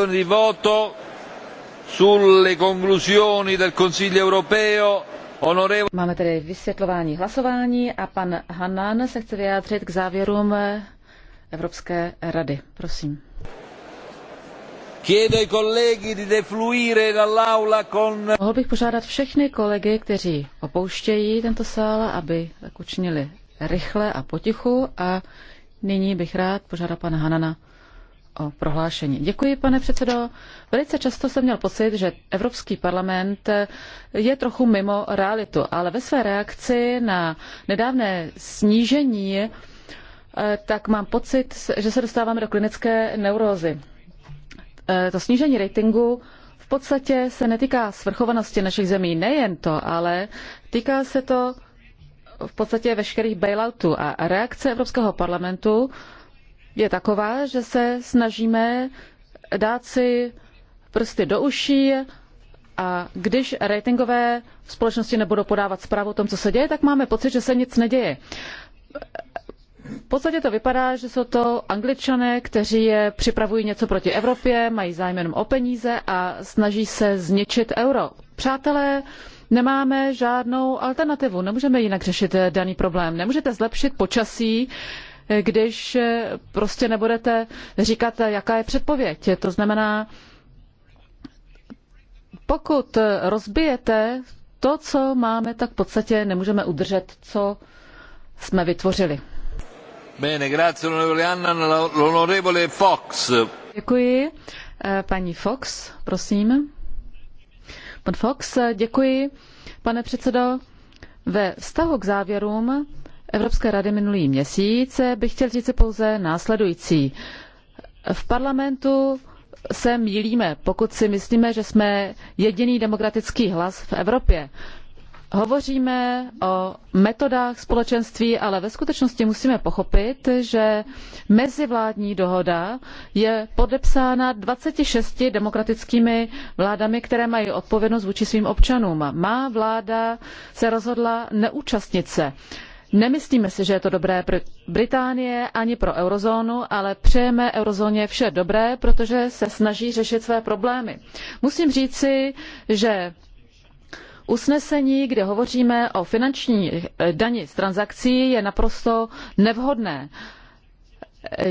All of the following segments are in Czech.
dichiarazioni di voto sulle conclusioni del Consiglio europeo. Máme vysvětlování hlasování a pan Hanan se chce vyjádřit k závěrům Evropské rady. Prosím. Mohl bych požádat všechny kolegy, kteří opouštějí tento sál, aby tak učinili rychle a potichu a nyní bych rád požádal pana Hanana, o prohlášení. Děkuji, pane předsedo. Velice často jsem měl pocit, že Evropský parlament je trochu mimo realitu, ale ve své reakci na nedávné snížení eh, tak mám pocit, že se dostáváme do klinické neurózy. Eh, to snížení ratingu v podstatě se netýká svrchovanosti našich zemí, nejen to, ale týká se to v podstatě veškerých bailoutů a reakce Evropského parlamentu je taková, že se snažíme dát si prsty do uší a když ratingové společnosti nebudou podávat zprávu o tom, co se děje, tak máme pocit, že se nic neděje. V podstatě to vypadá, že jsou to angličané, kteří připravují něco proti Evropě, mají zájem jenom o peníze a snaží se zničit euro. Přátelé, nemáme žádnou alternativu, nemůžeme jinak řešit daný problém. Nemůžete zlepšit počasí, když prostě nebudete říkat, jaká je předpověď. To znamená, pokud rozbijete to, co máme, tak v podstatě nemůžeme udržet, co jsme vytvořili. Děkuji. Eh, paní Fox, prosím. Pan Fox, eh, děkuji. Pane předsedo, ve vztahu k závěrům Evropské rady minulý měsíc, eh, bych chtěl říct pouze následující. V parlamentu se mílíme, pokud si myslíme, že jsme jediný demokratický hlas v Evropě. Hovoříme o metodách společenství, ale ve skutečnosti musíme pochopit, že mezivládní dohoda je podepsána 26 demokratickými vládami, které mají odpovědnost vůči svým občanům. Má vláda se rozhodla neúčastnit se. Nemyslíme si, že je to dobré pro Británie ani pro eurozónu, ale přejeme eurozóně vše dobré, protože se snaží řešit své problémy. Musím říci, že usnesení, kde hovoříme o finanční eh, dani z transakcí, je naprosto nevhodné eh,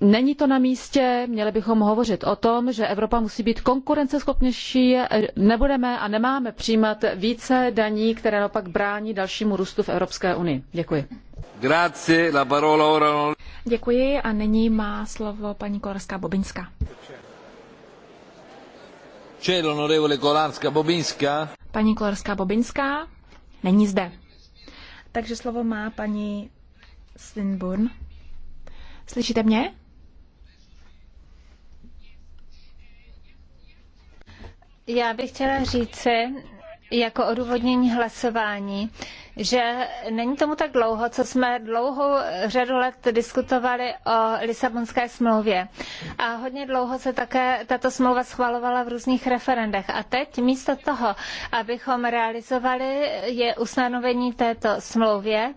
Není to na místě, měli bychom hovořit o tom, že Evropa musí být konkurenceschopnější, nebudeme a nemáme přijímat více daní, které naopak brání dalšímu růstu v Evropské unii. Děkuji. Grazie, la parola ora... Děkuji a nyní má slovo paní Kolarská Bobinská. C'è l'onorevole Kolarská Bobinská? Paní Kolarská Bobinská není zde. Takže slovo má paní Svinburn. Slyšíte mě? Já bych chtěla říci jako odůvodnění hlasování, že není tomu tak dlouho, co jsme dlouhou řadu let diskutovali o Lisabonské smlouvě. A hodně dlouho se také tato smlouva schvalovala v různých referendech. A teď místo toho, abychom realizovali je ustanovení této smlouvě,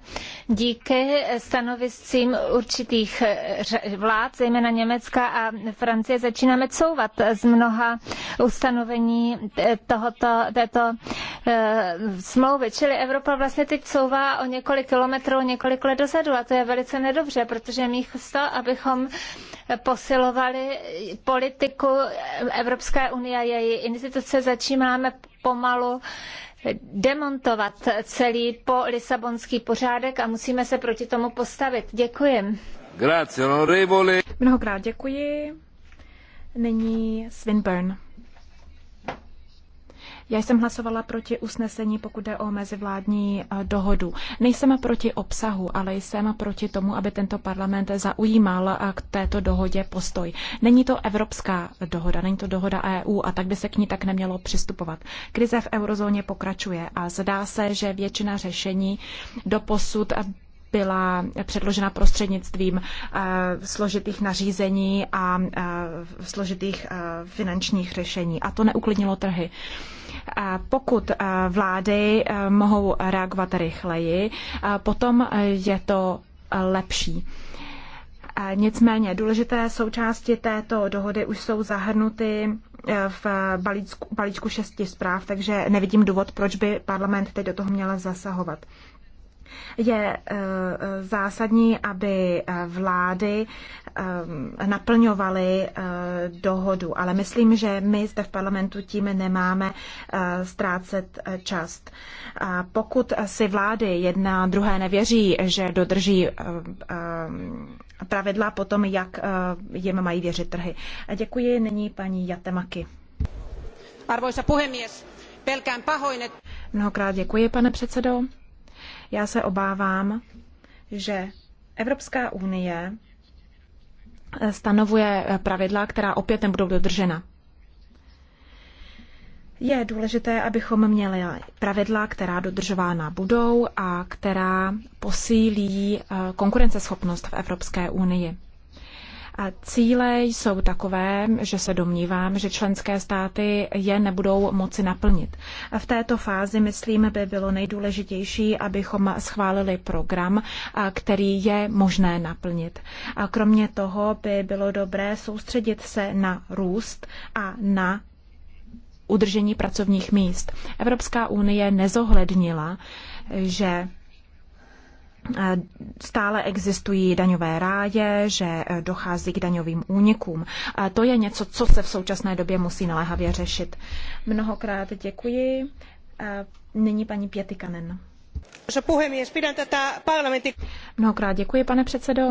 díky stanoviscím určitých vlád, zejména Německa a Francie, začínáme couvat z mnoha ustanovení tohoto, této eh, smlouvy. Čili Evropa vlastně teď couvá o několik kilometrů, několik let dozadu a to je velice nedobře, protože místo, abychom posilovali politiku Evropské unie a její instituce, začínáme pomalu demontovat celý po lisabonský pořádek a musíme se proti tomu postavit. Děkuji. Grazie, Mnohokrát děkuji. Nyní Swinburne. Já jsem hlasovala proti usnesení, pokud jde o mezivládní eh, dohodu. Nejsem proti obsahu, ale jsem proti tomu, aby tento parlament zaujímal eh, k této dohodě postoj. Není to evropská dohoda, není to dohoda EU a tak by se k ní tak nemělo přistupovat. Krize v eurozóně pokračuje a zdá se, že většina řešení do posud byla předložena prostřednictvím eh, složitých nařízení a eh, složitých eh, finančních řešení. A to neuklidnilo trhy. Pokud vlády mohou reagovat rychleji, potom je to lepší. Nicméně důležité součásti této dohody už jsou zahrnuty v balíčku, balíčku šesti zpráv, takže nevidím důvod, proč by parlament teď do toho měl zasahovat. Je eh, zásadní, aby eh, vlády eh, naplňovaly dohodu, ale myslím, že my zde v parlamentu tím nemáme ztrácet čas. Pokud si vlády jedna druhé nevěří, že dodrží pravidla potom, jak jim mají věřit trhy. Děkuji nyní paní Jatemaki. Arvoisa puhemies, pelkään pahoin, et... Mnohokrát děkuji, pane předsedo. Já se obávám, že Evropská unie eh, stanovuje eh, pravidla, která opět nebudou dodržena. Je důležité, abychom měli pravidla, která dodržována budou a která posílí eh, konkurenceschopnost v Evropské unii. Cíle jsou takové, že se domnívám, že členské státy je nebudou moci naplnit. V této fázi, myslím, by bylo nejdůležitější, abychom schválili program, který je možné naplnit. A kromě toho by bylo dobré soustředit se na růst a na udržení pracovních míst. Evropská unie nezohlednila, že E, stále existují daňové ráje, že e, dochází k daňovým únikům. A e, to je něco, co se v současné době musí naléhavě řešit. Mnohokrát děkuji. Nyní paní Pětikanen. Mnohokrát děkuji, pane předsedo.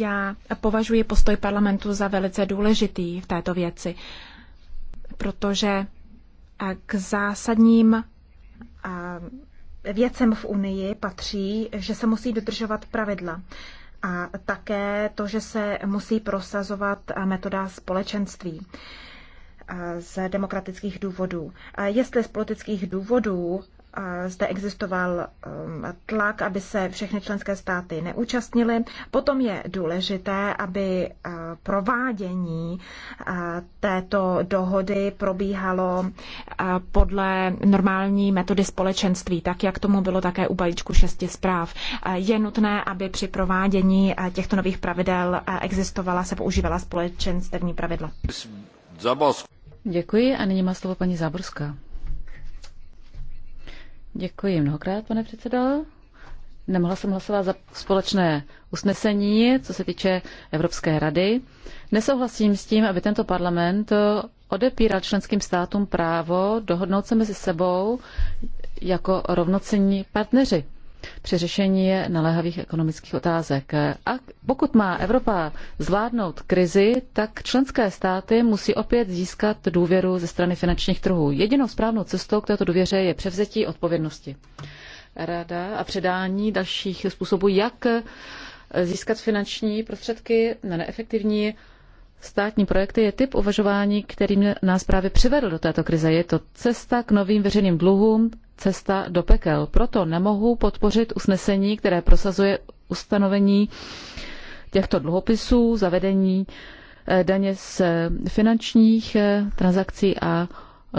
Já považuji postoj parlamentu za velice důležitý v této věci, protože k zásadním věcem v Unii patří, že se musí dodržovat pravidla a také to, že se musí prosazovat metoda společenství eh, z demokratických důvodů. Jestli z politických důvodů zde existoval um, tlak, aby se všechny členské státy neúčastnily. Potom je důležité, aby uh, provádění uh, této dohody probíhalo uh, podle normální metody společenství, tak jak tomu bylo také u balíčku šesti zpráv. Je nutné, aby při provádění těchto nových pravidel existovala, se používala společenstevní pravidla. Děkuji a nyní má slovo paní Záborská. Děkuji mnohokrát, pane předsedo. Nemohla jsem hlasovat za společné usnesení, co se týče Evropské rady. Nesouhlasím s tím, aby tento parlament odepíral členským státům právo dohodnout se mezi sebou jako rovnocenní partneři při řešení naléhavých ekonomických otázek. A pokud má Evropa zvládnout krizi, tak členské státy musí opět získat důvěru ze strany finančních trhů. Jedinou správnou cestou k této důvěře je převzetí odpovědnosti. Rada a předání dalších způsobů, jak získat finanční prostředky na neefektivní státní projekty je typ uvažování, který nás právě přivedl do této krize. Je to cesta k novým veřejným dluhům, cesta do pekel. Proto nemohu podpořit usnesení, které prosazuje ustanovení těchto dluhopisů, zavedení eh, daně z eh, finančních eh, transakcí a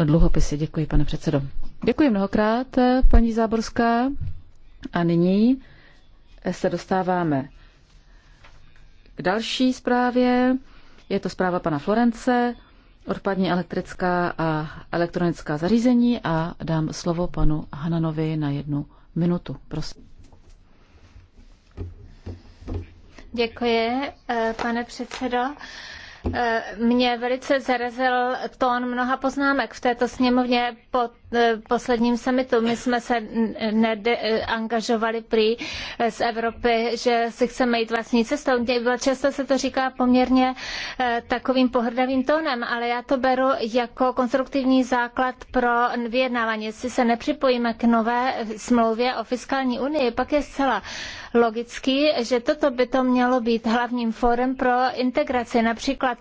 dluhopisy. Děkuji, pane předsedo. Děkuji mnohokrát, paní Záborská. A nyní se dostáváme k další zprávě. Je to zpráva pana Florence, odpadní elektrická a elektronická zařízení a dám slovo panu Hananovi na jednu minutu. Prosím. Děkuji, eh, pane předsedo. Eh, mě velice zarazil tón mnoha poznámek v této sněmovně pod Eh, posledním summitu. My jsme se angažovali prý eh, z Evropy, že si chceme jít vlastní cestou. Často se to říká poměrně eh, takovým pohrdavým tónem, ale já to beru jako konstruktivní základ pro vyjednávání. Jestli se nepřipojíme k nové smlouvě o fiskální unii, pak je zcela logický, že toto by to mělo být hlavním fórem pro integraci, například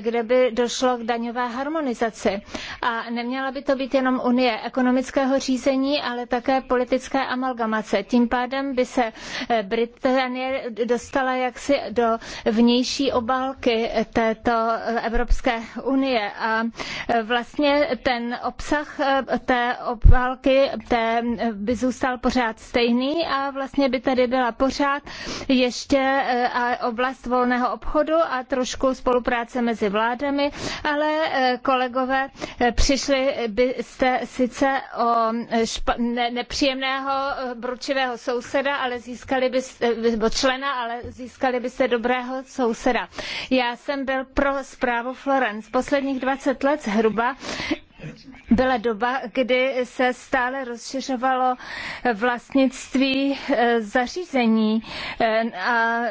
kde by došlo k daňové harmonizaci. A neměla by to být jenom unie unie ekonomického řízení, ale také politické amalgamace. Tím pádem by se eh, Británie dostala jaksi do vnější obálky eh, této eh, Evropské unie a vlastně ten obsah té obálky té by zůstal pořád stejný a vlastně by tady byla pořád ještě oblast volného obchodu a trošku spolupráce mezi vládami, ale kolegové, přišli byste sice o eh, ne- nepříjemného eh, bručivého souseda, ale získali by, eh, nebo člena, ale získali byste se dobrého souseda. Já jsem byl pro zprávu Florence. Posledních 20 let zhruba byla doba, kdy se stále rozšiřovalo vlastnictví eh, zařízení eh, a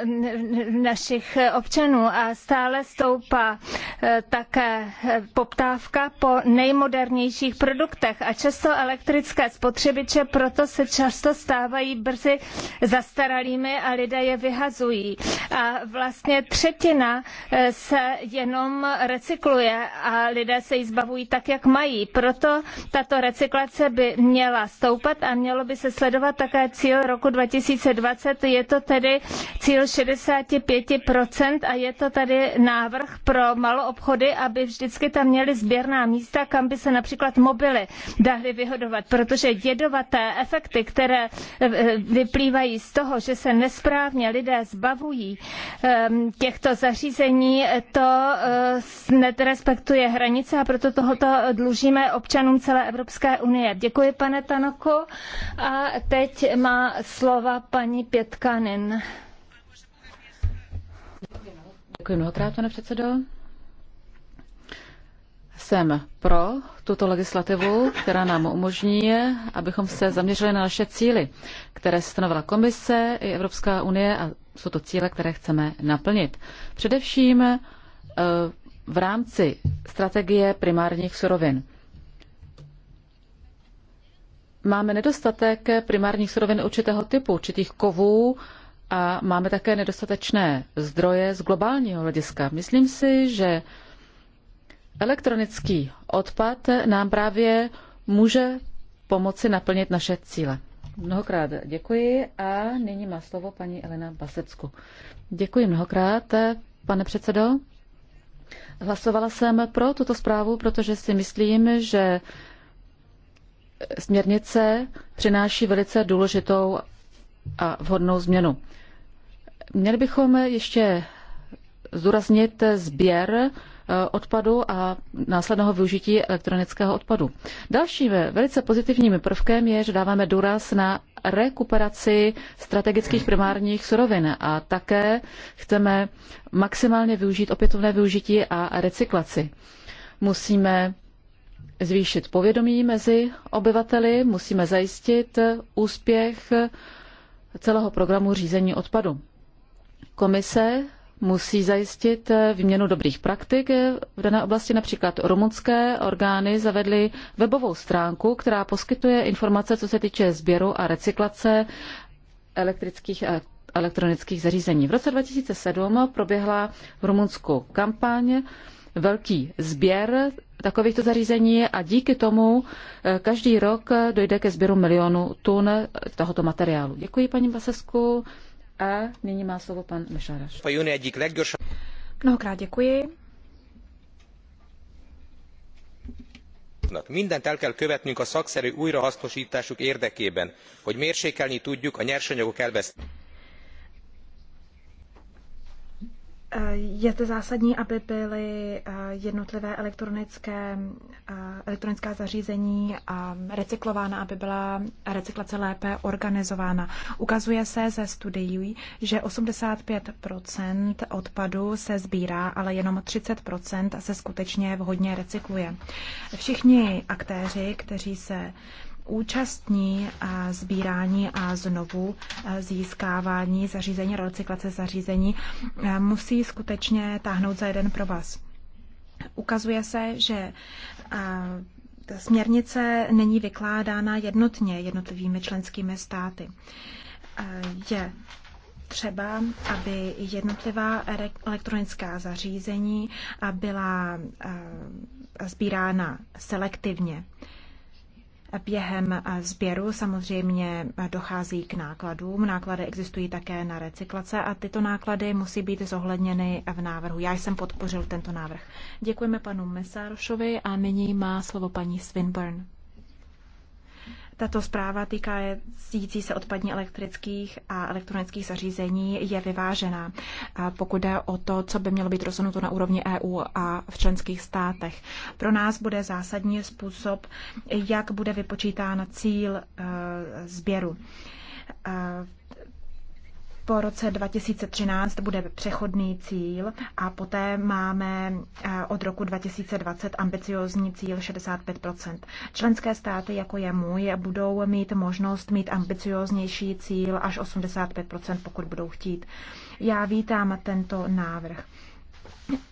našich občanů a stále stoupá eh, také poptávka po nejmodernějších produktech a často elektrické spotřebiče proto se často stávají brzy zastaralými a lidé je vyhazují. A vlastně třetina se jenom recykluje a lidé se jí zbavují tak, jak mají. Proto proto tato recyklace by měla stoupat a mělo by se sledovat také cíl roku 2020. Je to tedy cíl 65% a je to tady návrh pro maloobchody, aby vždycky tam měli sběrná místa, kam by se například mobily dali vyhodovat, protože jedovaté efekty, které eh, eh, vyplývají z toho, že se nesprávně lidé zbavují ehm, těchto zařízení, eh, to nerespektuje hranice a proto tohoto dlužíme občanům celé Evropské unie. Děkuji, pane Tanoko. A teď má slova paní Pětkanin. Děkuji mnohokrát, pane předsedo. Jsem pro tuto legislativu, která nám umožní, abychom se zaměřili na naše cíly, které stanovila komise i Evropská unie a jsou to cíle, které chceme naplnit. Především eh, v rámci strategie primárních surovin máme nedostatek primárních surovin určitého typu, určitých kovů a máme také nedostatečné zdroje z globálního hlediska. Myslím si, že elektronický odpad nám právě může pomoci naplnit naše cíle. Mnohokrát děkuji a nyní má slovo paní Elena Basecku. Děkuji mnohokrát, pane předsedo. Hlasovala jsem pro tuto zprávu, protože si myslím, že směrnice přináší velice důležitou a vhodnou změnu. Měli bychom ještě zdůraznit sběr eh, odpadu a následného využití elektronického odpadu. Dalším velice pozitivním prvkem je, že dáváme důraz na rekuperaci strategických primárních surovin a také chceme maximálně využít opětovné využití a recyklaci. Musíme zvýšit povědomí mezi obyvateli, musíme zajistit úspěch celého programu řízení odpadu. Komise musí zajistit výměnu dobrých praktik. V dané oblasti například rumunské orgány zavedly webovou stránku, která poskytuje informace, co se týče sběru a recyklace elektrických a elektronických zařízení. V roce 2007 proběhla v Rumunsku kampaň Velký sběr takovýchto zařízení a díky tomu eh, každý rok dojde ke sběru milionu tun tohoto materiálu. Děkuji paní Basesku a nyní má slovo pan Mešáraš. Mnohokrát děkuji. mindent el kell követnünk a szakszerű újrahasznosításuk érdekében hogy mérsékelni tudjuk a nyersanyagok elvesztését. Eh, je to zásadní, aby byly eh, jednotlivé elektronické, eh, elektronická zařízení recyklována, aby byla recyklace lépe organizována. Ukazuje se ze studií, že 85 odpadu se sbírá, ale jenom 30 se skutečně vhodně recykluje. Všichni aktéři, kteří se účastní sbírání a znovu e, získávání zařízení, recyklace zařízení, e, musí skutečně táhnout za jeden provaz. Ukazuje se, že e, směrnice není vykládána jednotně jednotlivými členskými státy. Je třeba, aby jednotlivá elektronická zařízení byla sbírána selektivně. Během eh, sběru samozřejmě eh, dochází k nákladům. Náklady existují také na recyklace a tyto náklady musí být zohledněny v návrhu. Já jsem podpořil tento návrh. Děkujeme panu Mesárošovi a nyní má slovo paní Swinburne. Tato zpráva týkající se odpadní elektrických a elektronických zařízení je vyvážená, pokud jde o to, co by mělo být rozhodnuto na úrovni EU a v členských státech. Pro nás bude zásadní způsob, jak bude vypočítán cíl e, sběru e, po roce 2013 bude přechodný cíl a poté máme eh, od roku 2020 ambiciozní cíl 65 Členské státy, jako je můj, budou mít možnost mít ambicioznější cíl až 85 pokud budou chtít. Já vítám tento návrh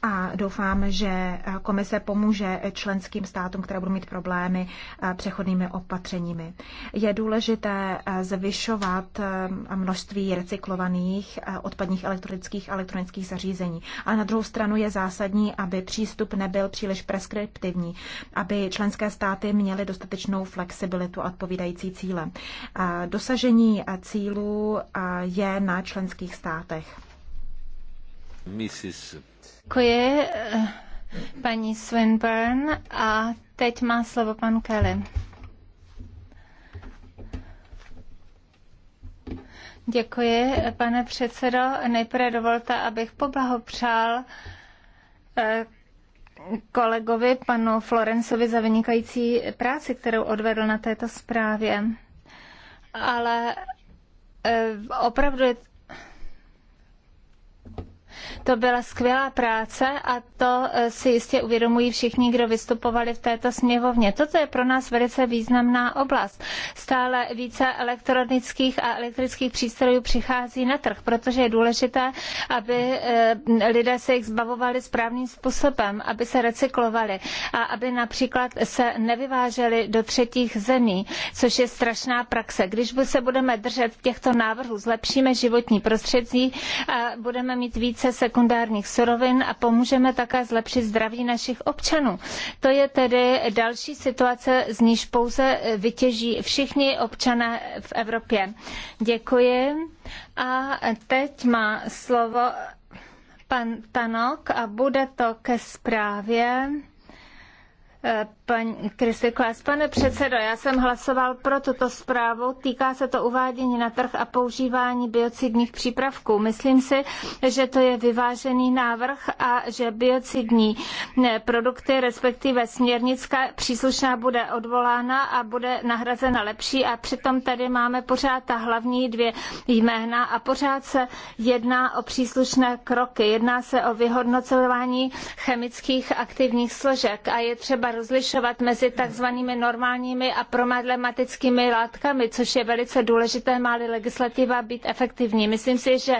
a doufám, že komise pomůže členským státům, které budou mít problémy eh, přechodnými opatřeními. Je důležité eh, zvyšovat eh, množství recyklovaných odpadních elektronických a elektronických zařízení. A na druhou stranu je zásadní, aby přístup nebyl příliš preskriptivní, aby členské státy měly dostatečnou flexibilitu a odpovídající cíle. Dosažení cílů je na členských státech. Mrs. Děkuji, eh, paní Swinburne. A teď má slovo pan Kelly. Děkuji, pane předsedo. Nejprve dovolte, abych poblahopřál eh, kolegovi, panu Florencovi, za vynikající práci, kterou odvedl na této zprávě. Ale eh, opravdu to byla skvělá práce a to eh, si jistě uvědomují všichni, kdo vystupovali v této sněmovně. Toto je pro nás velice významná oblast. Stále více elektronických a elektrických přístrojů přichází na trh, protože je důležité, aby eh, lidé se jich zbavovali správným způsobem, aby se recyklovali a aby například se nevyváželi do třetích zemí, což je strašná praxe. Když se budeme držet těchto návrhů, zlepšíme životní prostředí a budeme mít více týče sekundárních surovin a pomůžeme také zlepšit zdraví našich občanů. To je tedy další situace, z níž pouze vytěží všichni občané v Evropě. Děkuji. A teď má slovo pan Tanok a bude to ke zprávě eh, paní Kristy Klas. Pane předsedo, já jsem hlasoval pro tuto zprávu. Týká se to uvádění na trh a používání biocidních přípravků. Myslím si, že to je vyvážený návrh a že biocidní produkty, respektive směrnická příslušná bude odvolána a bude nahrazena lepší a přitom tady máme pořád ta hlavní dvě jména a pořád se jedná o příslušné kroky. Jedná se o vyhodnocování chemických aktivních složek a je třeba rozlišovat rozlišovat mezi takzvanými normálními a problematickými látkami, což je velice důležité, má-li legislativa být efektivní. Myslím si, že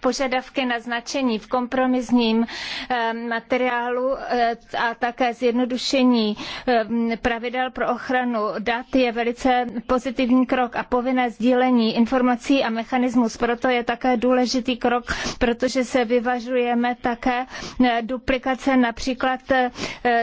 požadavky na značení v kompromisním eh, materiálu eh, a také zjednodušení eh, pravidel pro ochranu dat je velice pozitivní krok a povinné sdílení informací a mechanismus proto je také důležitý krok, protože se vyvažujeme také duplikace například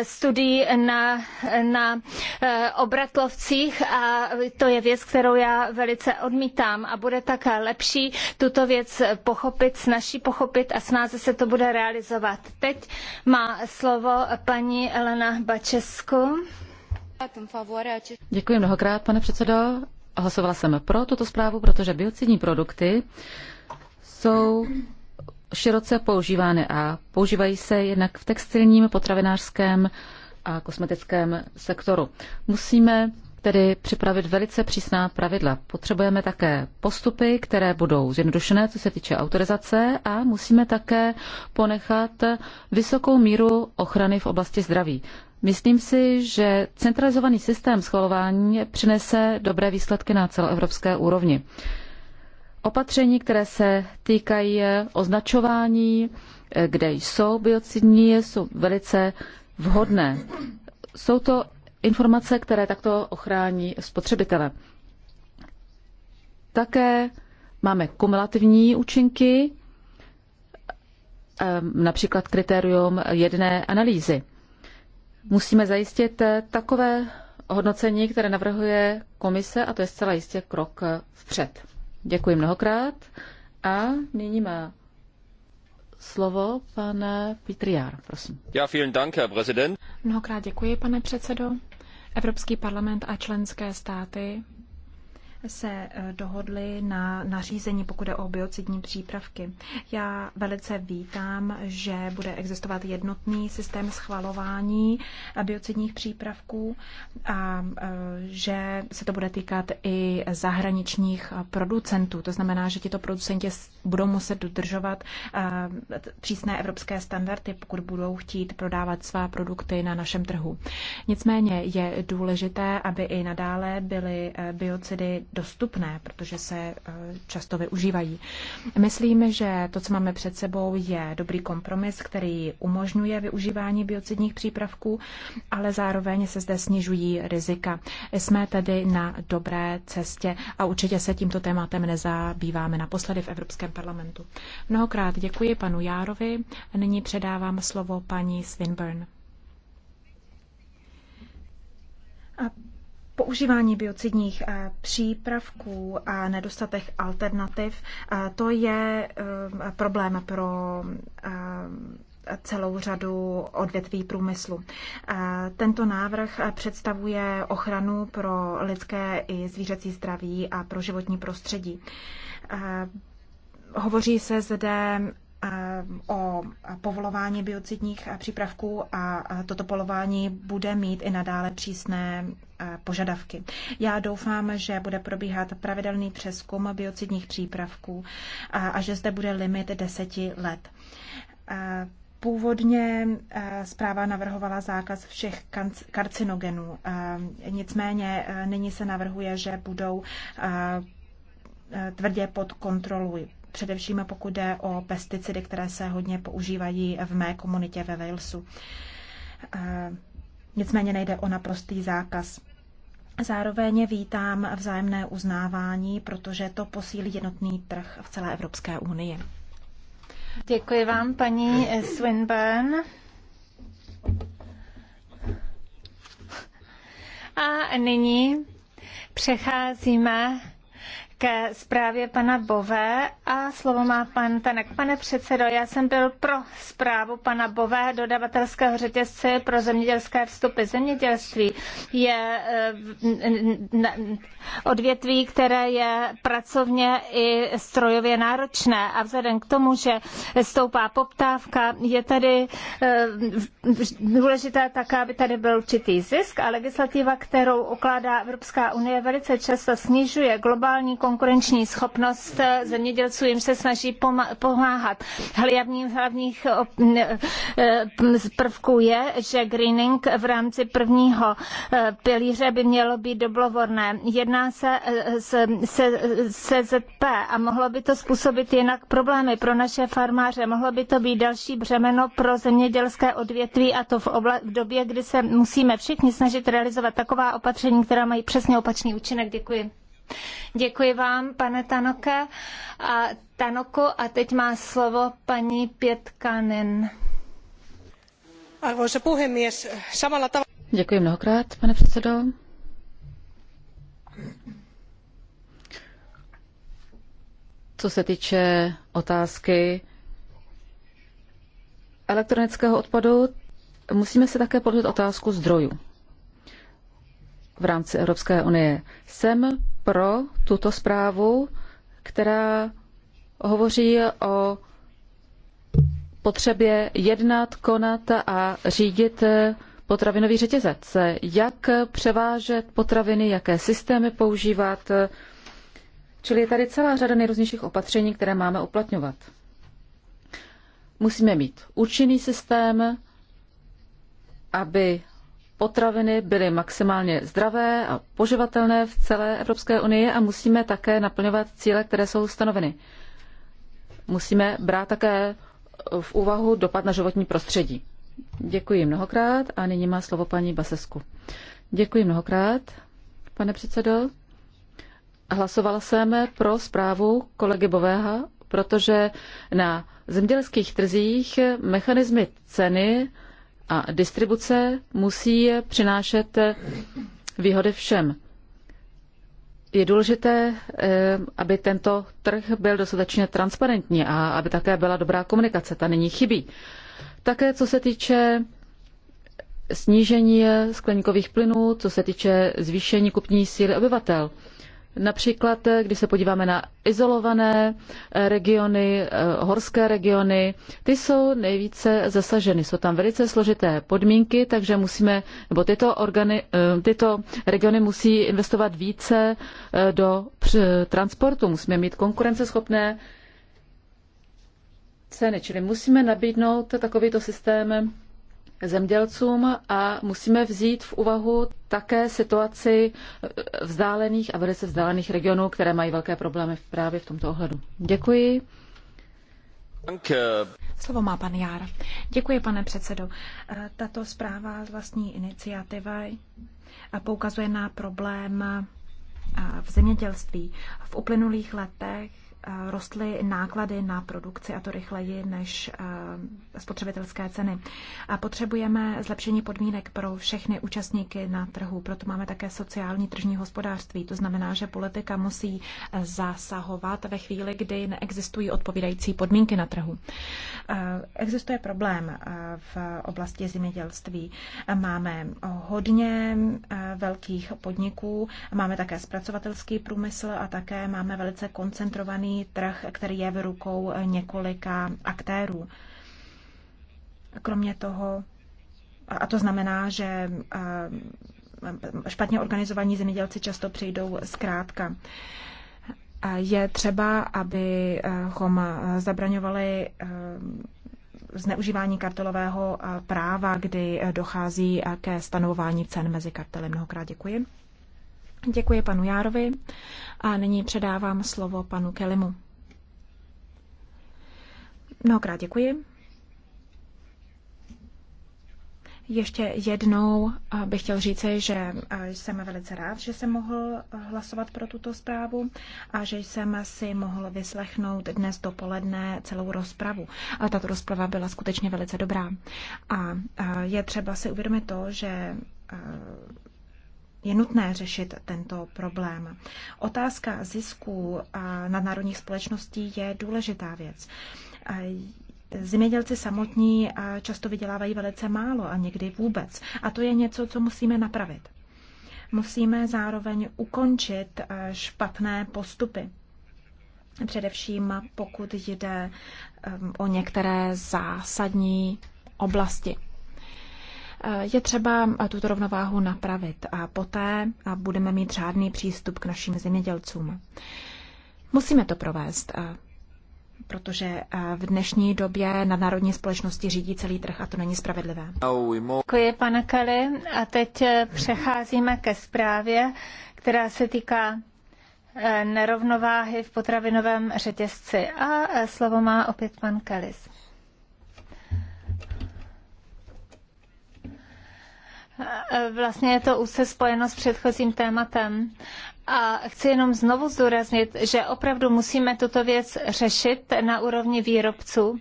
studií na na eh, obratlovcích a to je věc, kterou já velice odmítám a bude tak lepší tuto věc pochopit, snaží pochopit a snáze se to bude realizovat. Teď má slovo paní Elena Bačesku. Děkuji mnohokrát, pane předsedo. Hlasovala jsem pro tuto zprávu, protože biocidní produkty jsou široce používány a používají se jednak v textilním, potravinářském, a kosmetickém sektoru. Musíme tedy připravit velice přísná pravidla. Potřebujeme také postupy, které budou zjednodušené, co se týče autorizace a musíme také ponechat vysokou míru ochrany v oblasti zdraví. Myslím si, že centralizovaný systém schvalování přinese dobré výsledky na celoevropské úrovni. Opatření, které se týkají označování, kde jsou biocidní, jsou velice vhodné. Jsou to informace, které takto ochrání spotřebitele. Také máme kumulativní účinky, ehm, například kritérium jedné analýzy. Musíme zajistit takové hodnocení, které navrhuje komise a to je zcela jistě krok vpřed. Děkuji mnohokrát a nyní má slovo pan Pitriar, prosím. Ja, vielen Dank, Herr Präsident. Mnohokrát děkuji, pane předsedo. Evropský parlament a členské státy se eh, dohodli na nařízení, pokud je o biocidní přípravky. Já velice vítám, že bude existovat jednotný systém schvalování eh, biocidních přípravků a eh, že se to bude týkat i zahraničních producentů. To znamená, že tito producenti budou muset dodržovat přísné evropské standardy, pokud budou chtít prodávat svá produkty na našem trhu. Nicméně je důležité, aby i nadále byly biocidy dostupné, protože se eh, často využívají. Myslím, že to, co máme před sebou, je dobrý kompromis, který umožňuje využívání biocidních přípravků, ale zároveň se zde snižují rizika. Jsme tedy na dobré cestě a určitě se tímto tématem nezabýváme naposledy v Evropském parlamentu. Mnohokrát děkuji panu Járovi. Nyní předávám slovo paní Swinburne. Používání biocidních eh, přípravků a nedostatek alternativ, eh, to je eh, problém pro celou řadu odvětví průmyslu. Tento návrh představuje ochranu pro lidské i zvířecí zdraví a pro životní prostředí. Hovoří se zde o povolování biocidních přípravků a toto polování bude mít i nadále přísné požadavky. Já doufám, že bude probíhat pravidelný přeskum biocidních přípravků a že zde bude limit deseti let. Původně zpráva navrhovala zákaz všech karcinogenů, nicméně nyní se navrhuje, že budou tvrdě pod kontrolou především pokud jde o pesticidy, které se hodně používají v mé komunitě ve Walesu. Eh, nicméně nejde o naprostý zákaz. Zároveň vítám vzájemné uznávání, protože to posílí jednotný trh v celé Evropské unii. Děkuji vám, paní Swinburne. A nyní přecházíme ke zprávě pana Bové a slovo má pan Tanek. Pane předsedo, já jsem byl pro zprávu pana Bové dodavatelského řetězce pro zemědělské vstupy. Zemědělství je eh, odvětví, které je pracovně i strojově náročné a vzhledem k tomu, že stoupá poptávka, je tady eh, důležité také, aby tady byl určitý zisk a legislativa, kterou ukládá Evropská unie, velice často snižuje globální konkurenci konkurenční schopnost zemědělců, jim se snaží pomáhat. Hlavním hlavních eh, eh, prvků je, že greening v rámci prvního eh, pilíře by mělo být dobrovolné. Jedná se se, se CZP a mohlo by to způsobit jinak problémy pro naše farmáře. Mohlo by to být další břemeno pro zemědělské odvětví a to v, obla- v době, kdy se musíme všichni snažit realizovat taková opatření, která mají přesně opačný účinek. Děkuji. Děkuji vám, pane Tanoke. A Tanoko, a teď má slovo paní Pětkanen. Arvoisa puhemies, samalla tavalla... Děkuji mnohokrát, pane předsedo. Co se týče otázky elektronického odpadu, musíme se také podívat otázku zdrojů v rámci Evropské unie. Jsem pro tuto zprávu, která hovoří o potřebě jednat, konat a řídit potravinový řetězec. Jak převážet potraviny, jaké systémy používat. Čili je tady celá řada nejrůznějších opatření, které máme uplatňovat. Musíme mít účinný systém, aby potraviny byly maximálně zdravé a poživatelné v celé Evropské unii a musíme také naplňovat cíle, které jsou stanoveny. Musíme brát také v úvahu dopad na životní prostředí. Děkuji mnohokrát a nyní má slovo paní Basesku. Děkuji mnohokrát, pane předsedo. Hlasovala jsem pro zprávu kolegy Bového, protože na zemědělských trzích mechanismy ceny a distribuce musí přinášet výhody všem. Je důležité, eh, aby tento trh byl dostatečně transparentní a aby také byla dobrá komunikace. Ta nyní chybí. Také co se týče snížení skleníkových plynů, co se týče zvýšení kupní síly obyvatel. Například, eh, když se podíváme na izolované eh, regiony, eh, horské regiony, ty jsou nejvíce zasaženy. Jsou tam velice složité podmínky, takže musíme, nebo tyto, organi, tyto regiony musí investovat více do transportu. Musíme mít konkurenceschopné ceny, čili musíme nabídnout takovýto systém zemědělcům a musíme vzít v úvahu také situaci vzdálených a velice vzdálených regionů, které mají velké problémy právě v tomto ohledu. Děkuji. Slovo má pan Jár. Děkuji, pane předsedo. Tato zpráva z vlastní iniciativy poukazuje na problém v zemědělství. V uplynulých letech Eh, rostly náklady na produkci a to rychleji než eh, spotřebitelské ceny. A potřebujeme zlepšení podmínek pro všechny účastníky na trhu, proto máme také sociální tržní hospodářství. To znamená, že politika musí eh, zasahovat ve chvíli, kdy neexistují odpovídající podmínky na trhu. Existuje problém v oblasti zemědělství. Máme hodně velkých podniků, máme také zpracovatelský průmysl a také máme velice koncentrovaný volný trh, který je v rukou několika aktérů. Kromě toho, a to znamená, že eh, špatně organizovaní zemědělci často přijdou zkrátka. Je třeba, abychom zabraňovali eh, zneužívání kartelového práva, kdy dochází ke stanovování cen mezi kartely. Mnohokrát děkuji. Děkuji panu Járovi a nyní předávám slovo panu Kelimu. Mnohokrát děkuji. Ještě jednou eh, bych chtěl říci, že eh, jsem velice rád, že jsem mohl eh, hlasovat pro tuto zprávu a že jsem si mohl vyslechnout dnes dopoledne celou rozpravu. A tato rozprava byla skutečně velice dobrá. A je třeba si uvědomit to, že je nutné řešit tento problém. Otázka zisků nadnárodních společností je důležitá věc. Zemědělci samotní často vydělávají velice málo a někdy vůbec. A to je něco, co musíme napravit. Musíme zároveň ukončit špatné postupy. Především pokud jde o některé zásadní oblasti. Eh, je třeba eh, tuto rovnováhu napravit a poté eh, budeme mít řádný přístup k našim zemědělcům. Musíme to provést, protože v dnešní době na národní společnosti řídí celý trh a to není spravedlivé. Děkuji, pana Kelly. A teď přecházíme ke zprávě, která se týká nerovnováhy v potravinovém řetězci. A slovo má opět pan Kalis. Eh, vlastně je to úzce spojeno s předchozím tématem. A chci jenom znovu zdůraznit, že opravdu musíme tuto věc řešit na úrovni výrobců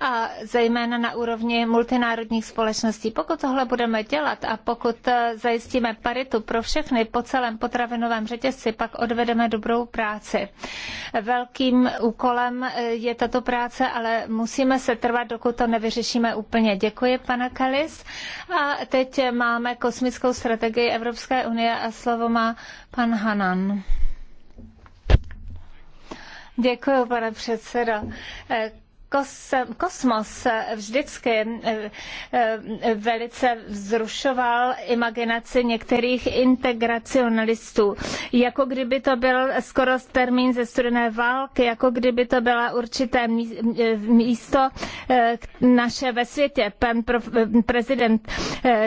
a zejména na úrovni multinárodních společností. Pokud tohle budeme dělat a pokud eh, zajistíme paritu pro všechny po celém potravinovém řetězci, pak odvedeme dobrou práci. Velkým úkolem eh, je tato práce, ale musíme se trvat, dokud to nevyřešíme úplně. Děkuji, pane Kalis. A teď máme kosmickou strategii Evropské unie a slovo má pan Hanan. Děkuji, pane předsedo. Eh, kos, kosmos vždycky eh, eh, velice vzrušoval imaginaci některých integracionalistů. Jako kdyby to byl skoro termín ze studené války, jako kdyby to byla určité eh, místo naše ve světě. Pan prezident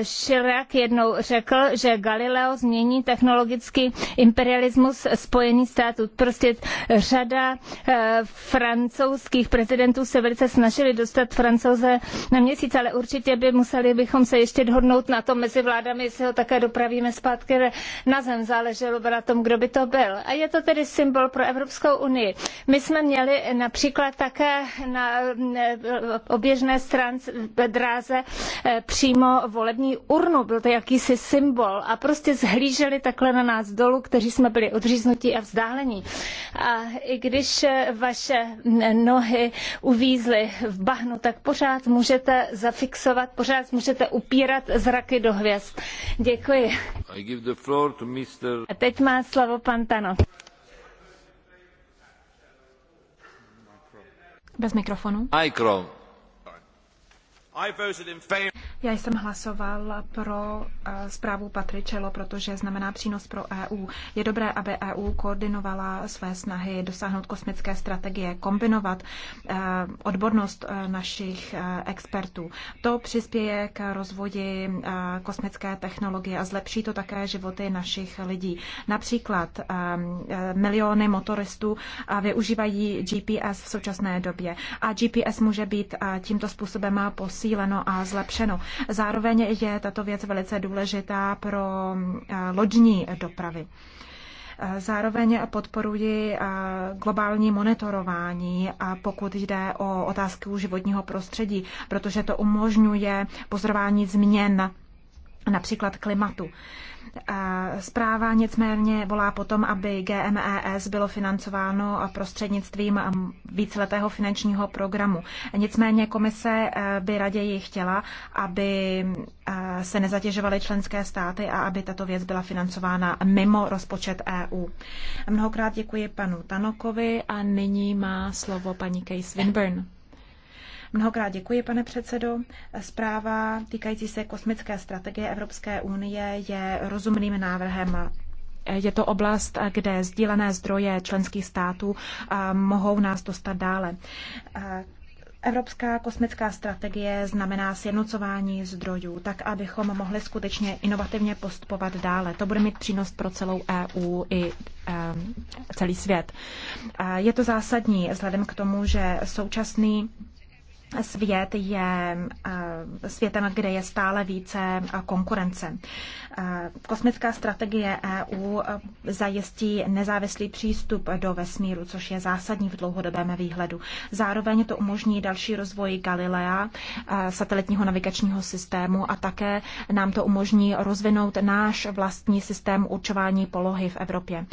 Chirac jednou řekl, že Galileo změní technologický imperialismus Spojených států. Prostě řada francouzských prezidentů se se velice snažili dostat francouze na měsíc, ale určitě by museli bychom se ještě dohodnout na tom mezi vládami, jestli ho také dopravíme zpátky na zem. Záleželo by na tom, kdo by to byl. A je to tedy symbol pro Evropskou unii. My jsme měli například také na eh, oběžné stránce dráze eh, přímo volební urnu. Byl to jakýsi symbol a prostě zhlíželi takhle na nás dolů, kteří jsme byli odříznutí a vzdálení. A i když eh, vaše nohy uvidí, uvízli v bahnu, tak pořád můžete zafixovat, pořád můžete upírat zraky do hvězd. Děkuji. A teď má slovo pan Tanov. Bez mikrofonu. Mikro. Já jsem hlasoval pro eh, zprávu Patričelo, protože znamená přínos pro EU. Je dobré, aby EU koordinovala své snahy dosáhnout kosmické strategie, kombinovat eh, odbornost eh, našich expertů. To přispěje k rozvoji kosmické technologie a zlepší to také životy našich lidí. Například miliony motoristů využívají GPS v současné době a GPS může být tímto způsobem posíleno a zlepšeno. Zároveň je tato věc velice důležitá pro eh, lodní dopravy. Eh, zároveň podporuji eh, globální monitorování, pokud jde o otázku životního prostředí, protože to umožňuje pozorování změn například klimatu. Zpráva nicméně volá potom, aby GMES bylo financováno prostřednictvím um, víceletého finančního programu. Nicméně komise eh, by raději chtěla, aby eh, se nezatěžovaly členské státy a aby tato věc byla financována mimo rozpočet EU. Mnohokrát děkuji panu Tanokovi a nyní má slovo paní Kay Swinburne. Mnohokrát děkuji, pane předsedo. Zpráva týkající se kosmické strategie Evropské unie je rozumným návrhem je to oblast, kde sdílené zdroje členských států mohou nás dostat dále. Evropská kosmická strategie znamená sjednocování zdrojů, tak abychom mohli skutečně inovativně postupovat dále. To bude mít přínos pro celou EU i e, celý svět. Je to zásadní vzhledem k tomu, že současný svět je eh, světem, kde je stále více eh, konkurence. Eh, kosmická strategie EU zajistí nezávislý přístup do vesmíru, což je zásadní v dlouhodobém výhledu. Zároveň to umožní další rozvoj Galilea, satelitního navigačního systému a také nám to umožní rozvinout náš vlastní systém určování polohy v Evropě.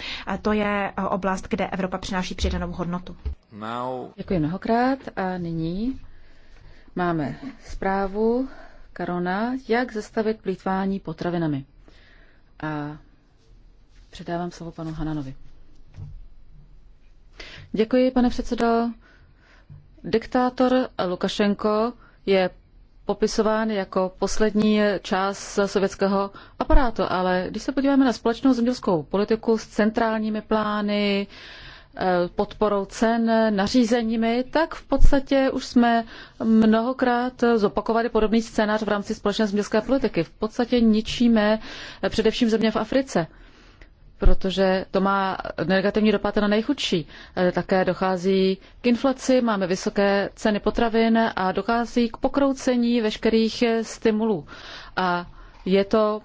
To je oblast, kde Evropa přináší přidanou hodnotu. Děkuji mnohokrát a nyní Máme zprávu Karona, jak zastavit plítvání potravinami. A předávám slovo panu Hananovi. Děkuji, pane předsedo. Diktátor Lukašenko je popisován jako poslední část sovětského aparátu, ale když se podíváme na společnou zemědělskou politiku s centrálními plány, podporou cen, nařízeními, tak v podstatě už jsme mnohokrát zopakovali podobný scénář v rámci společné zemědělské politiky. V podstatě ničíme především země v Africe protože to má negativní dopad na nejchudší. Eh, také dochází k inflaci, máme vysoké ceny potravin a dochází k pokroucení veškerých stimulů. A je to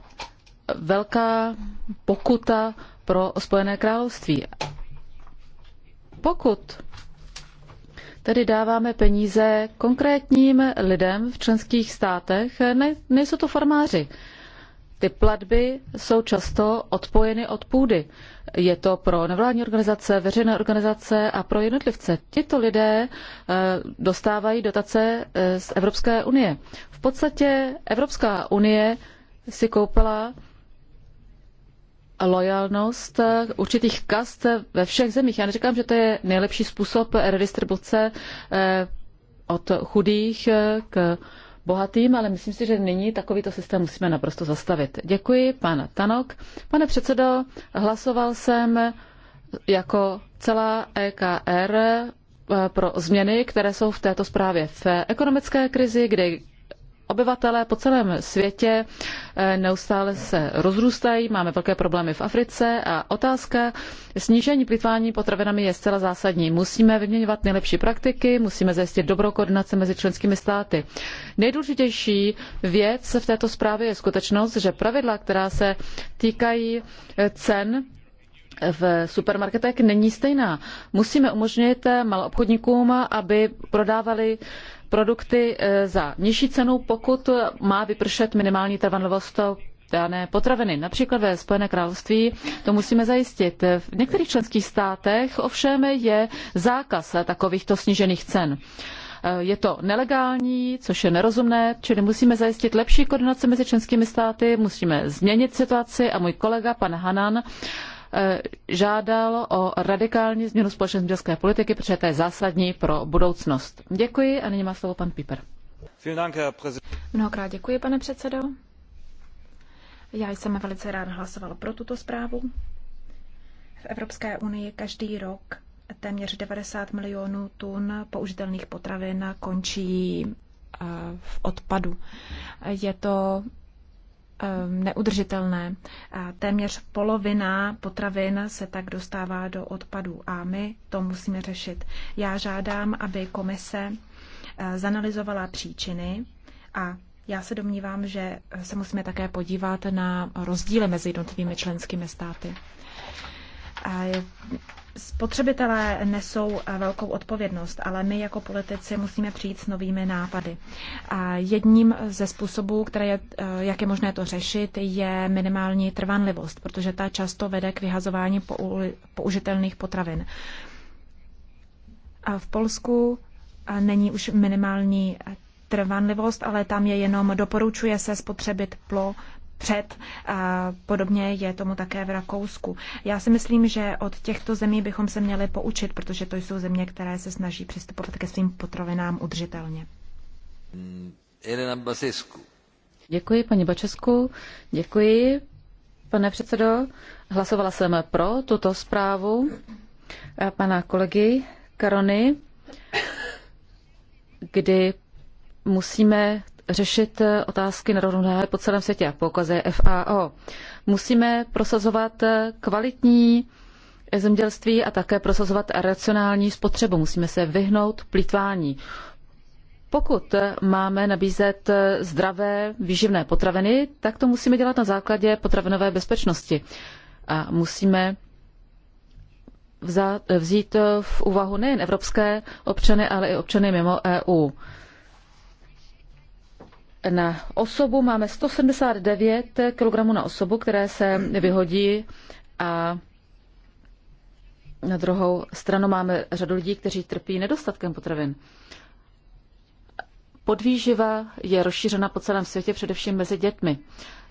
velká pokuta pro Spojené království. Pokud tedy dáváme peníze konkrétním lidem v členských státech, ne, nejsou to farmáři. Ty platby jsou často odpojeny od půdy. Je to pro nevládní organizace, veřejné organizace a pro jednotlivce. Tito lidé eh, dostávají dotace eh, z Evropské unie. V podstatě Evropská unie si koupila lojalnost eh, určitých kast ve všech zemích. Já neříkám, že to je nejlepší způsob redistribuce eh, od chudých eh, k bohatým, ale myslím si, že nyní takovýto systém musíme naprosto zastavit. Děkuji, pan Tanok. Pane předsedo, hlasoval jsem jako celá EKR pro změny, které jsou v této zprávě v ekonomické krizi, kde obyvatelé po celém světě eh, neustále se rozrůstají, máme velké problémy v Africe a otázka snížení plýtvání potravinami je zcela zásadní. Musíme vyměňovat nejlepší praktiky, musíme zajistit dobrou koordinaci mezi členskými státy. Nejdůležitější věc v této zprávě je skutečnost, že pravidla, která se týkají eh, cen v supermarketech není stejná. Musíme umožnit eh, maloobchodníkům, aby prodávali produkty eh, za nižší cenu, pokud má vypršet minimální trvanlivost dané potraviny. Například ve Spojené království to musíme zajistit. V některých členských státech ovšem je zákaz takovýchto snížených cen. Eh, je to nelegální, což je nerozumné, čili musíme zajistit lepší koordinaci mezi členskými státy, musíme změnit situaci a můj kolega, pan Hanan, Eh, žádal o radikální změnu společné zemědělské politiky, protože to je zásadní pro budoucnost. Děkuji a nyní má slovo pan Piper. Mnohokrát děkuji, pane předsedo. Já jsem velice rád hlasoval pro tuto zprávu. V Evropské unii každý rok téměř 90 milionů tun použitelných potravin končí eh, v odpadu. Je to Eh, neudržitelné. Téměř polovina potravin se tak dostává do odpadu a my to musíme řešit. Já žádám, aby komise eh, zanalizovala příčiny a já se domnívám, že se musíme také podívat na rozdíly mezi jednotlivými členskými státy. Spotřebitelé nesou eh, velkou odpovědnost, ale my jako politici musíme přijít s novými nápady. Jedním ze způsobů, které je, eh, jak je možné to řešit, je minimální trvanlivost, protože ta často vede k vyhazování použitelných potravin. V Polsku eh, není už minimální trvanlivost, ale tam je jenom doporučuje se spotřebit plo, před A podobně je tomu také v Rakousku. Já si myslím, že od těchto zemí bychom se měli poučit, protože to jsou země, které se snaží přistupovat ke svým potravinám udržitelně. Elena Basisku. Děkuji, paní Bačesku. Děkuji, pane předsedo. Hlasovala jsem pro tuto zprávu pana kolegy Karony, kdy musíme řešit eh, otázky nerovnováhy po celém světě, jak poukazuje FAO. Musíme prosazovat eh, kvalitní eh, zemědělství a také prosazovat racionální spotřebu. Musíme se vyhnout plítvání. Pokud máme nabízet zdravé výživné potraviny, tak to musíme dělat na základě potravinové bezpečnosti. A musíme vzít v úvahu nejen evropské občany, ale i občany mimo EU na osobu máme 179 kg na osobu, které se vyhodí a na druhou stranu máme řadu lidí, kteří trpí nedostatkem potravin. Podvýživa je rozšířena po celém světě, především mezi dětmi.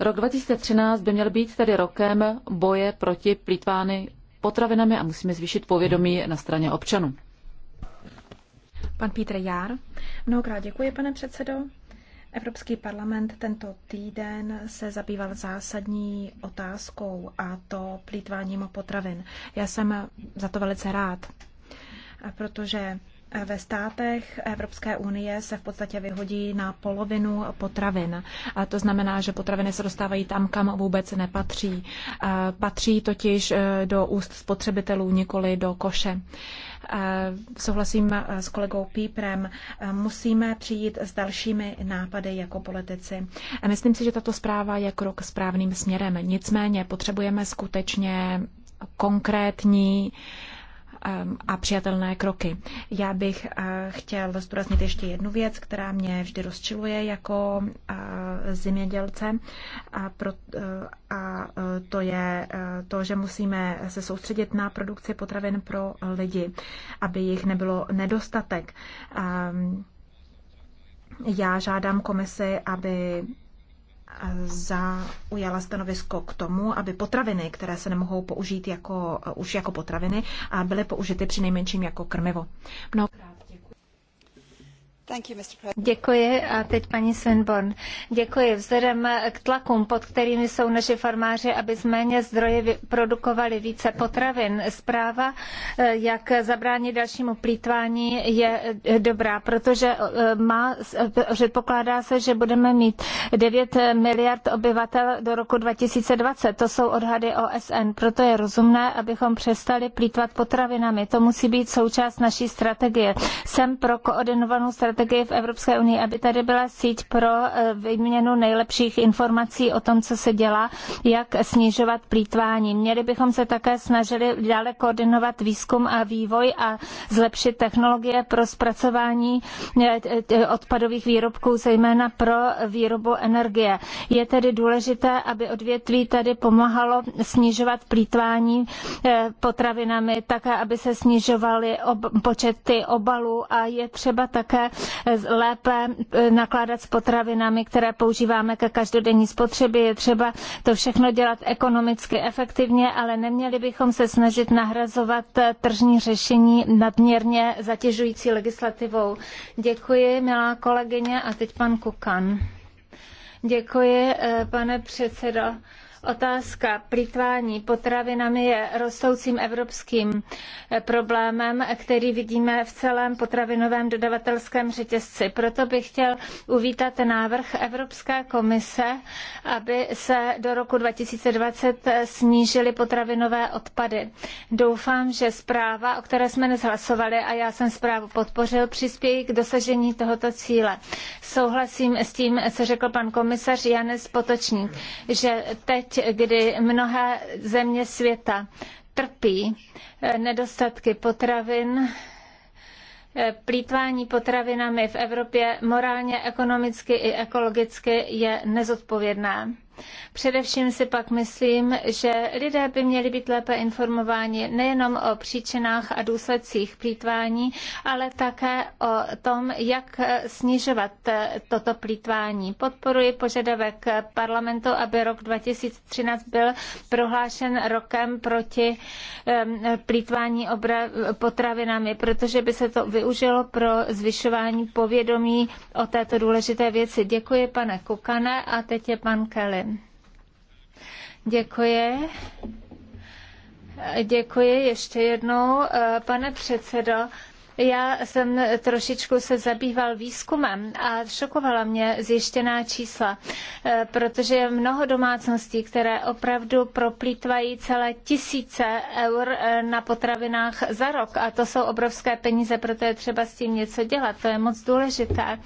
Rok 2013 by měl být tedy rokem boje proti plítvány potravinami a musíme zvýšit povědomí na straně občanů. Pan Pítr Jár. Mnohokrát děkuji, pane předsedo. Evropský parlament tento týden se zabýval zásadní otázkou a to plítváním potravin. Já jsem za to velice rád, protože ve státech Evropské unie se v podstatě vyhodí na polovinu potravin. A to znamená, že potraviny se dostávají tam, kam vůbec nepatří. A patří totiž e, do úst spotřebitelů, nikoli do koše. A e, souhlasím e, s kolegou Píprem, musíme přijít s dalšími nápady jako politici. A myslím si, že tato zpráva je krok správným směrem. Nicméně potřebujeme skutečně konkrétní uh, Um, a přijatelné kroky. Já bych uh, chtěl zdůraznit ještě jednu věc, která mě vždy rozčiluje jako uh, zemědělce a, pro, uh, a to je to, že musíme se soustředit na produkci potravin pro lidi, aby jich nebylo nedostatek. Um, já žádám komisi, aby zaujala stanovisko k tomu, aby potraviny, které se nemohou použít jako, už jako potraviny, byly použity přinejmenším jako krmivo. Mnohokrát. Děkuji a teď paní Svinborn. Děkuji. Vzhledem k tlakům, pod kterými jsou naši farmáři, aby z méně zdroje produkovali více potravin, zpráva, eh, jak zabránit dalšímu plítvání, je eh, dobrá, protože eh, má, předpokládá se, že budeme mít 9 miliard obyvatel do roku 2020. To jsou odhady OSN. Proto je rozumné, abychom přestali plítvat potravinami. To musí být součást naší strategie. Jsem pro koordinovanou strategii strategie v Evropské unii, aby tady byla síť pro eh, výměnu nejlepších informací o tom, co se dělá, jak snižovat plítvání. Měli bychom se také snažili dále koordinovat výzkum a vývoj a zlepšit technologie pro zpracování eh, eh, odpadových výrobků, zejména pro výrobu energie. Je tedy důležité, aby odvětví tady pomáhalo snižovat plítvání potravinami, také aby se snižovaly počet ty obalů a je třeba také lépe eh, nakládat s potravinami, které používáme ke každodenní spotřebě. Je třeba to všechno dělat ekonomicky efektivně, ale neměli bychom se snažit nahrazovat eh, tržní řešení nadměrně zatěžující legislativou. Děkuji, milá kolegyně, a teď pan Kukan. Děkuji, eh, pane předsedo. Otázka plítvání potravinami je rostoucím evropským eh, problémem, který vidíme v celém potravinovém dodavatelském řetězci. Proto bych chtěl uvítat návrh Evropské komise, aby se do roku 2020 eh, snížily potravinové odpady. Doufám, že zpráva, o které jsme hlasovali a já jsem zprávu podpořil, přispěje k dosažení tohoto cíle. Souhlasím s tím, co řekl pan komisař Janes Potočník, že teď teď, kdy mnohé země světa trpí eh, nedostatky potravin, eh, plítvání potravinami v Evropě morálně, ekonomicky i ekologicky je nezodpovědné. Především si pak myslím, že lidé by měli být lépe informováni nejenom o příčinách a důsledcích plítvání, ale také o tom, jak snižovat toto plítvání. Podporuji požadavek parlamentu, aby rok 2013 byl prohlášen rokem proti plítvání potravinami, protože by se to využilo pro zvyšování povědomí o této důležité věci. Děkuji, pane Kukane, a teď je pan Kelly. Děkuji. Děkuji ještě jednou, eh, pane předsedo. Já jsem trošičku se zabýval výzkumem a šokovala mě zjištěná čísla, eh, protože je mnoho domácností, které opravdu proplýtvají celé tisíce eur eh, na potravinách za rok a to jsou obrovské peníze, proto je třeba s tím něco dělat, to je moc důležité.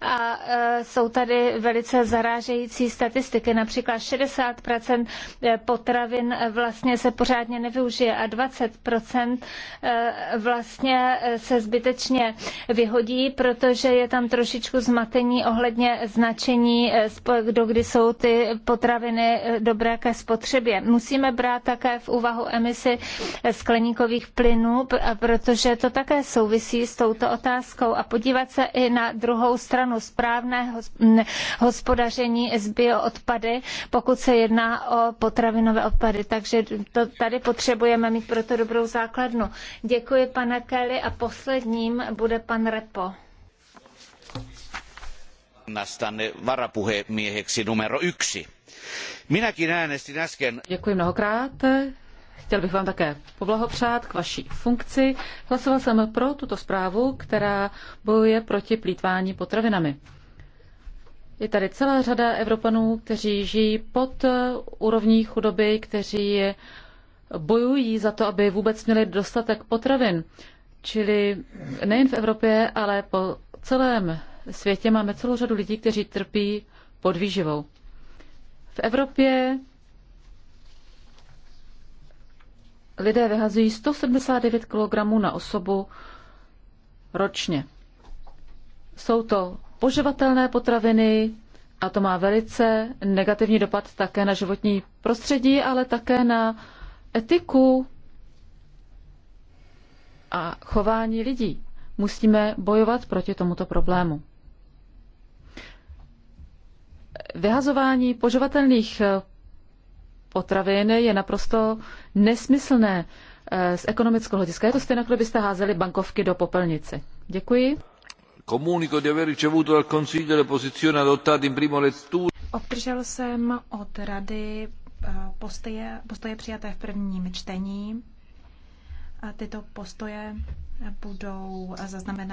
A eh, jsou tady velice zarážející statistiky, například 60% potravin vlastně se pořádně nevyužije a 20% vlastně se se zbytečně vyhodí, protože je tam trošičku zmatení ohledně značení, eh, do kdy jsou ty potraviny eh, dobré ke spotřebě. Musíme brát také v úvahu emisi eh, skleníkových plynů, protože to také souvisí s touto otázkou a podívat se i na druhou stranu správné hospodaření s bioodpady, pokud se jedná o potravinové odpady. Takže to tady potřebujeme mít to dobrou základnu. Děkuji, pane Kelly, a poslední posledním bude pan Repo. Nastanne varapuhemieheksi numero yksi. Minäkin äänestin äsken... Děkuji mnohokrát. Chtěl bych vám také poblahopřát k vaší funkci. Hlasoval jsem pro tuto zprávu, která bojuje proti plítvání potravinami. Je tady celá řada Evropanů, kteří žijí pod úrovní chudoby, kteří bojují za to, aby vůbec měli dostatek potravin. Čili nejen v Evropě, ale po celém světě máme celou řadu lidí, kteří trpí výživou. V Evropě lidé vyhazují 179 kg na osobu ročně. Jsou to poživatelné potraviny a to má velice negativní dopad také na životní prostředí, ale také na etiku a chování lidí. Musíme bojovat proti tomuto problému. Vyhazování požovatelných eh, potravin je naprosto nesmyslné eh, z ekonomického hlediska. Je to stejné, jako byste házeli bankovky do popelnice. Děkuji. Comunico di aver ricevuto dal Consiglio le posizioni adottate in prima lettura. Obdržel jsem od rady eh, postoje, postoje přijaté v prvním čtení tyto postoje budou zaznamenány.